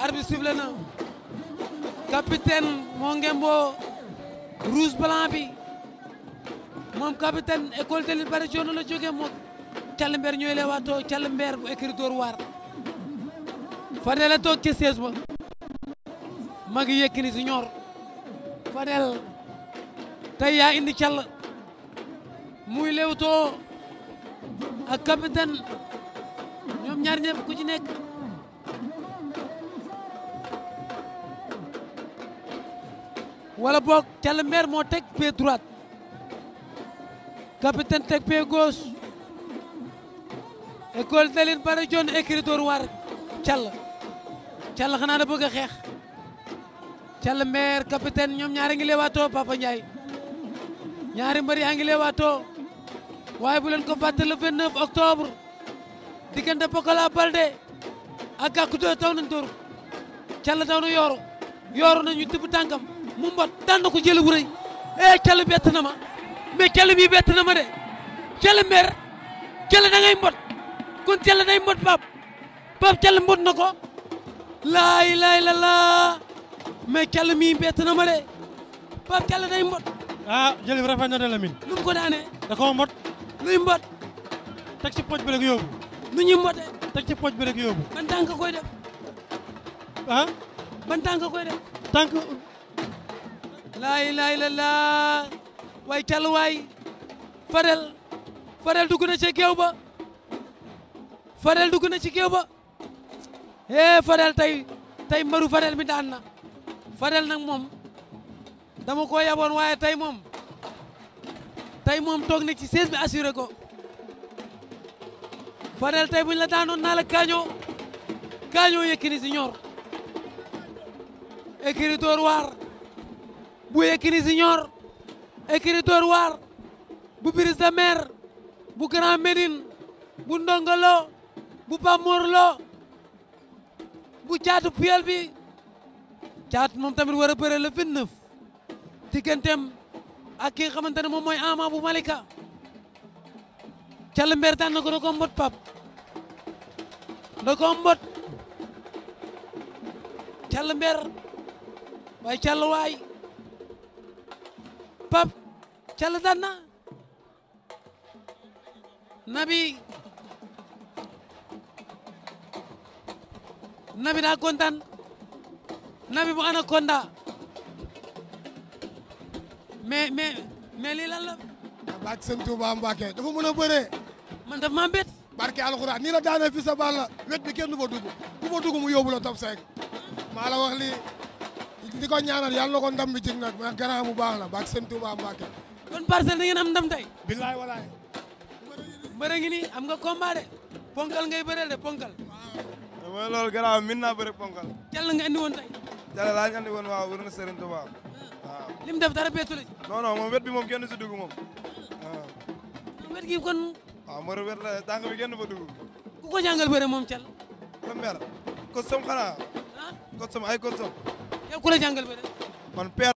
arbitre sifflé na capitaine moo ngemboo rouge blanc bi moom capitaine école de la jóge moom ñooy le waatoo Calamber waar Fadel a toog ca ba ma ngi Yékini Junior Fadel yaa indi Cal muy lewtoo ak capitaine ñoom ñaar ñëpp ku ci nekk wala boog Kébémer moo teg pied droite capitaine teg pied gauche école Daline Bara Dione écritor war Thial Thial xanaa da bëgg a xeex Kébémer capitaine ñoom ñaari ngi leewaatoo Papa Ndiaye ñaari mbër yaa ngi leewaatoo waaye bu leen ko fàtte le 29 octobre diggante Pokola Balde ak Gackou 2 taw nañ dóor Thial taw na yooru yooru nañu tibb tànkam mu mbot daan na ko jël bu rëy eh Kell bett na ma mais Kell bii bett na ma de Kell mer Kell da ngay mbot kon Kell day mbot Pape Pape Kell mbot na ko laay laay la laa mais Kell mii bett na ma de Pape Kell day mbot. ah jël bi rafet na de Lamine. nu mu ko daanee. da koo mbot. luy mbot. teg ci pooj bi rek yóbbu. nu ñuy mbotee. teg ci pooj bi rek yóbbu. ban tànk koy def. ah. ban tànk koy def. tànk. laa la illallaah waay tel waay Fadel Fadel dugg na ci géew ba Fadel dugg na ci géew ba eh Fadel tey tey mbaru Fadel bi daan na Fadel nag moom dama ko yaboon waaye tey moom tey moom toog na ci sees bi assuré ko Fadel tey buñ la daanoon naa la kaañoo kaañoo Yékini si ñor écritoire waar bu Yékini Junior écurie Dóor waar bu Brise de bu Grand Médine bu Ndongolo bu Pamorlo bu caatu puyel bi caatu moom tamit war a bëre le 29 digganteem ak ki nga xamante ne moom mooy Ama bu Malika Thiel Mbert ànd ko da koo mbot Pape da pap cala danna nabi nabi daa kontaan nabi bu anaconda mais mais mais lii lan la barke sëñ Touba Mbacke dafa mën a bëree man daf maa bét barke alxuraan nii la daanee fi sa bal du fa dugg du fa dugg mu yóbbu la top maa la wax di ko ñaanal yàlla na ko ndam bi jig nag mais grand bu baax la baag seen Tuubaa Mbàkke kon parcelle da ngeen am ndam tey billaay walaay mbër ngi nii am nga combat de ponkal ngay bëreel de ponkal mooy loolu garaaw min naa bëri ponkal jàll nga andi woon tey jàll laa ñu andi woon waaw wër na Serigne Touba waaw li mu def dara beetu la non non moom wet bi moom kenn si dugg moom waaw wet gi kon waaw mër wet la tànk bi kenn fa dugg ku ko jàngal bëre moom cal ko mer ko som xanaa ko som ay ko som yow ku la jàngal bëre. man père